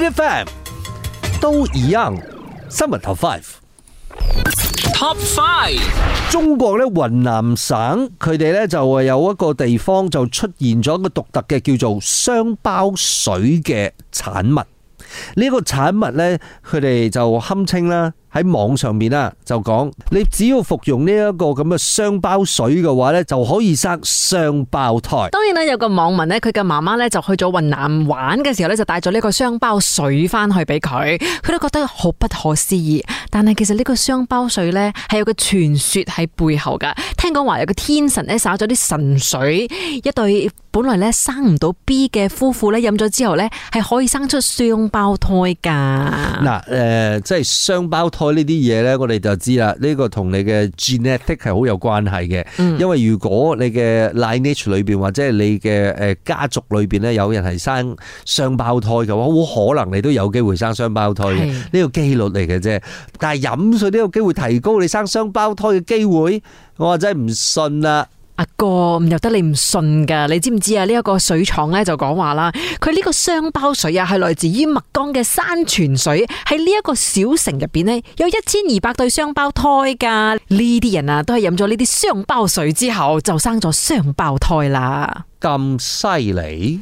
啲 friend 都一樣，新聞頭 five，top five，中國咧，雲南省佢哋咧就有一個地方就出現咗一個獨特嘅叫做雙胞水嘅產物，呢、呢個產物咧，佢哋就堪稱啦。喺網上面啦，就講你只要服用呢一個咁嘅雙胞水嘅話咧，就可以生雙胞胎。當然啦，有個網民呢，佢嘅媽媽呢，就去咗雲南玩嘅時候呢，就帶咗呢個雙胞水翻去俾佢，佢都覺得好不可思議。但係其實呢個雙胞水呢，係有個傳說喺背後噶，聽講話有個天神呢，灑咗啲神水，一對本來呢，生唔到 B 嘅夫婦呢，飲咗之後呢，係可以生出雙胞胎噶。嗱，誒，即係雙胞胎。呢啲嘢咧，我哋就知啦。呢個同你嘅 genetic 係好有關係嘅，因為如果你嘅 lineage 裏邊或者係你嘅誒家族裏邊咧，有人係生雙胞胎嘅話，好可能你都有機會生雙胞胎嘅。呢個機率嚟嘅啫。但係飲水都有機會提高你生雙胞胎嘅機會，我真係唔信啦。阿哥唔由得你唔信噶，你知唔知啊？呢一個水廠咧就講話啦，佢呢個雙胞水啊係來自於墨江嘅山泉水，喺呢一個小城入邊呢，有一千二百對雙胞胎噶，呢啲人啊都係飲咗呢啲雙胞水之後就生咗雙胞胎啦，咁犀利。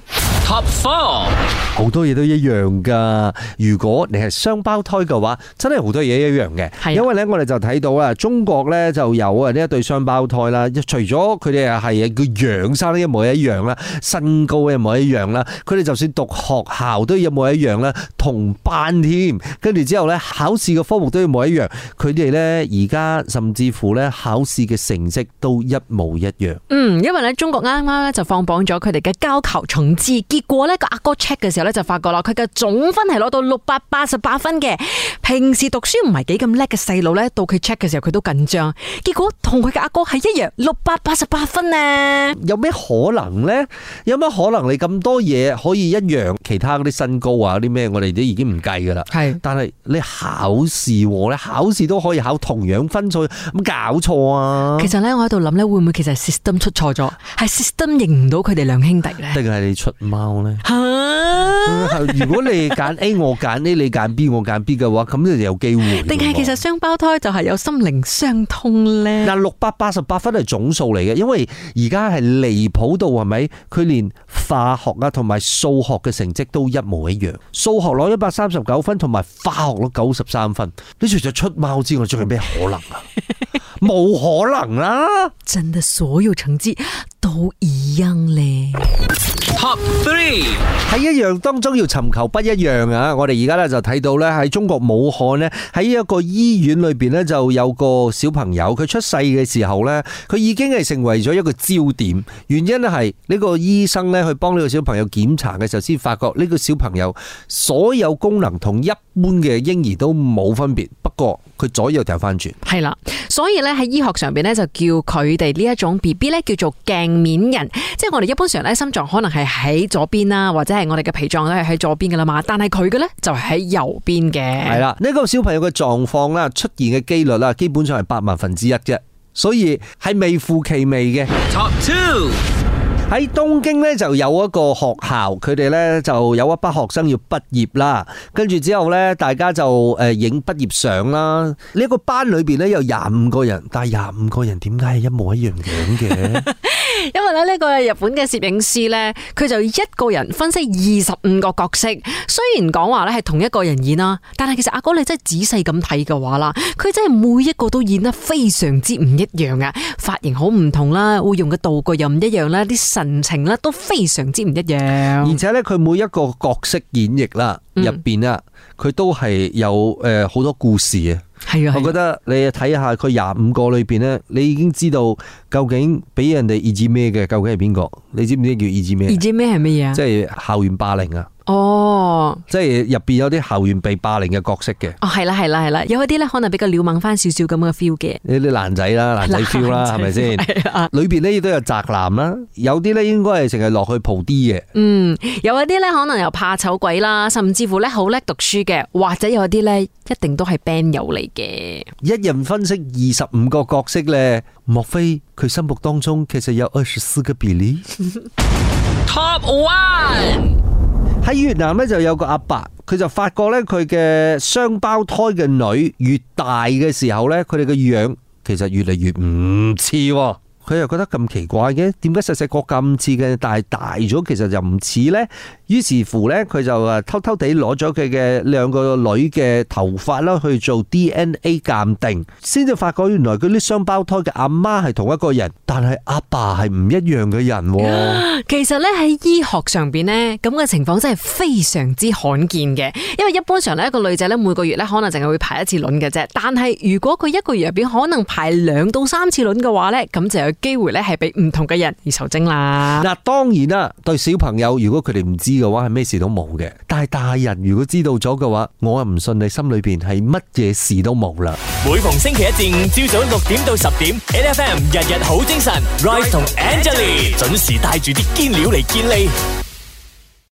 Top four 好多嘢都一樣噶，如果你係雙胞胎嘅話，真係好多嘢一樣嘅。因為咧，我哋就睇到啊，中國咧就有啊呢一對雙胞胎啦。除咗佢哋係啊個樣生一模一樣啦，身高一模一樣啦，佢哋就算讀學校都一模一樣啦，同班添。跟住之後咧，考試嘅科目都一模一樣，佢哋咧而家甚至乎咧考試嘅成績都一模一樣。嗯，因為咧中國啱啱咧就放榜咗佢哋嘅交球重志結果呢個阿哥 check 嘅時候咧就發覺啦，佢嘅總分係攞到六百八十八分嘅。平時讀書唔係幾咁叻嘅細路咧，到佢 check 嘅時候，佢都緊張。結果同佢嘅阿哥係一樣六百八十八分呢、啊？有咩可能呢？有乜可能你咁多嘢可以一樣？其他嗰啲身高啊啲咩，我哋都已經唔計噶啦。是但係你考試咧、啊，考試都可以考同樣分數，咁搞錯啊？其實咧我喺度諗咧，會唔會其實 system 出錯咗？係 system 認唔到佢哋兩兄弟呢？定係你出貓？吓！啊、 如果你揀 A，我揀 A，你揀 B，我揀 B 嘅話，咁咧就有機會。定係其實雙胞胎就係有心靈相通咧？嗱，六百八十八分係總數嚟嘅，因為而家係離譜到係咪？佢連化學啊同埋數學嘅成績都一模一樣，數學攞一百三十九分，同埋化學攞九十三分，你除咗出貓之外，仲有咩可能啊？ 冇可能啦、啊！真的所有成績都一樣咧。Top three 喺一樣當中要尋求不一樣啊！我哋而家咧就睇到咧喺中國武漢呢，喺一個醫院裏邊呢，就有個小朋友，佢出世嘅時候呢，佢已經係成為咗一個焦點。原因咧係呢個醫生呢，去幫呢個小朋友檢查嘅時候，先發覺呢個小朋友所有功能同一般嘅嬰兒都冇分別，不過佢左右掉翻轉，係啦。所以咧，喺醫學上邊咧，就叫佢哋呢一種 B B 咧，叫做鏡面人，即係我哋一般常咧心臟可能係喺左邊啦，或者係我哋嘅脾臟咧係喺左邊噶啦嘛，但係佢嘅咧就係喺右邊嘅。係啦，呢個小朋友嘅狀況啦，出現嘅幾率啦，基本上係百萬分之一啫，所以係微乎其微嘅。Top two 喺東京呢，就有一個學校，佢哋呢，就有一班學生要畢業啦，跟住之後呢，大家就誒影畢業相啦。呢個班裏邊呢，有廿五個人，但係廿五個人點解係一模一樣樣嘅？ 因為咧，呢個日本嘅攝影師呢，佢就一個人分析二十五個角色。雖然講話咧係同一個人演啦，但係其實阿哥你真係仔細咁睇嘅話啦，佢真係每一個都演得非常之唔一樣啊。髮型好唔同啦，會用嘅道具又唔一樣啦，啲神情咧都非常之唔一樣。而且呢，佢每一個角色演繹啦，入邊啊，佢都係有誒好多故事嘅。係啊，是我覺得你睇下佢廿五個裏邊咧，你已經知道究竟俾人哋意志咩嘅？究竟係邊個？你知唔知叫意志咩？意志咩係乜嘢啊？即係校園霸凌啊！哦，即係入邊有啲校園被霸凌嘅角色嘅。哦，係啦，係啦，係啦，有一啲咧可能比較撩猛翻少少咁嘅 feel 嘅。你啲男仔啦，男仔 feel 啦，係咪先？係啊。裏邊咧亦都有宅男啦，有啲咧應該係成日落去蒲啲嘅。嗯，有一啲咧可能又怕醜鬼啦，甚至乎咧好叻讀書嘅，或者有一啲咧一定都係 band 友嚟嘅。一人分析二十五個角色咧，莫非佢心目當中其實有二十四個比利？Top one。 喺越南咧就有個阿伯，佢就發覺咧佢嘅雙胞胎嘅女越大嘅時候咧，佢哋嘅樣其實越嚟越唔似喎。佢又覺得咁奇怪嘅，點解細細個咁似嘅，但係大咗其實就唔似呢。於是乎呢佢就誒偷偷地攞咗佢嘅兩個女嘅頭髮啦去做 DNA 鑑定，先至發覺原來佢啲雙胞胎嘅阿媽係同一個人，但係阿爸係唔一樣嘅人喎。其實呢，喺醫學上邊呢，咁嘅情況真係非常之罕見嘅，因為一般上呢一個女仔呢，每個月呢可能淨係會排一次卵嘅啫，但係如果佢一個月入邊可能排兩到三次卵嘅話呢，咁就有。機會咧，係俾唔同嘅人而受精啦。嗱，當然啦，對小朋友如果佢哋唔知嘅話，係咩事都冇嘅。但係大人如果知道咗嘅話，我又唔信你心裏邊係乜嘢事都冇啦。每逢星期一至五朝早六點到十點，N F M 日日好精神 Right 同 Angelie 準時帶住啲堅料嚟堅利。